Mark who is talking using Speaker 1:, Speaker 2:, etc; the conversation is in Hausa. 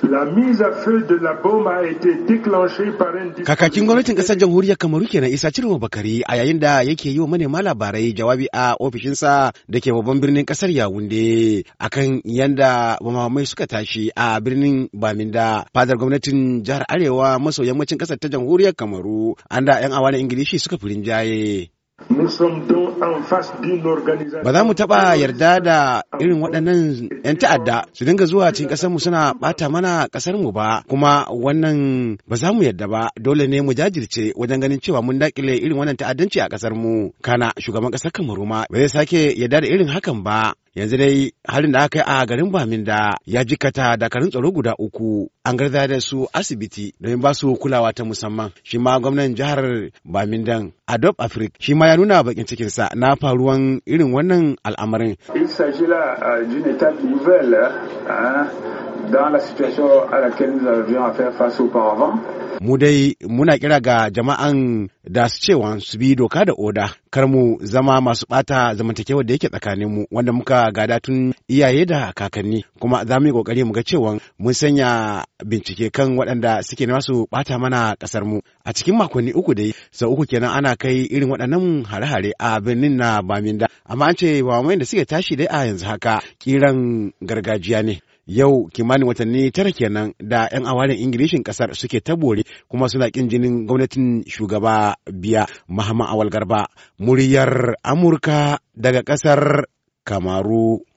Speaker 1: La Kakakin gwamnatin kasar jamhuriyar Kamaru kenan Isa Cirma Bakari a yayin da yake yi wa manema labarai jawabi a ofishinsa da ke babban birnin kasar Yawunde akan yanda mamamai suka tashi a birnin Baminda fadar gwamnatin jihar Arewa maso yammacin kasar ta jamhuriyar Kamaru an da yan awa na Ingilishi suka fi rinjaye. Ba za mu taɓa yarda da irin waɗannan 'yan ta'adda su dinga zuwa cikin ƙasarmu suna ɓata mana ƙasarmu ba, kuma wannan ba za mu yarda ba dole ne mu jajirce wajen ganin cewa mun daƙile irin wannan ta'addanci a ƙasarmu. Kana shugaban ƙasar Kamaru ma ba zai sake yarda da irin hakan ba. yanzu dai harin da aka yi a garin Baminda ya jikata dakarun tsaro guda uku an garza da su asibiti domin ba su kulawa ta musamman shi ma gwamnan jihar Bamindan Adop Afrik shi ma ya nuna bakin cikinsa na faruwan irin wannan al'amarin. Euh, dans la situation à laquelle nous avions à faire face auparavant. Mu dai muna kira ga jama'an da su cewa su bi doka da oda kar mu zama masu bata zamantakewar da yake tsakanin mu wanda muka gada tun iyaye da kakanni kuma za mu yi kokari mu ga cewa mun sanya bincike kan waɗanda suke na su bata mana ƙasar mu a cikin makonni uku dai sau uku kenan ana kai irin waɗannan hare-hare a birnin na Baminda amma an ce ba da suke tashi dai a yanzu haka kiran gargajiya ne yau kimanin watanni tara kenan da 'yan awarin ingilishin kasar suke tabore kuma suna kin jinin gwamnatin shugaba biya mahama awal garba muryar amurka daga kasar kamaru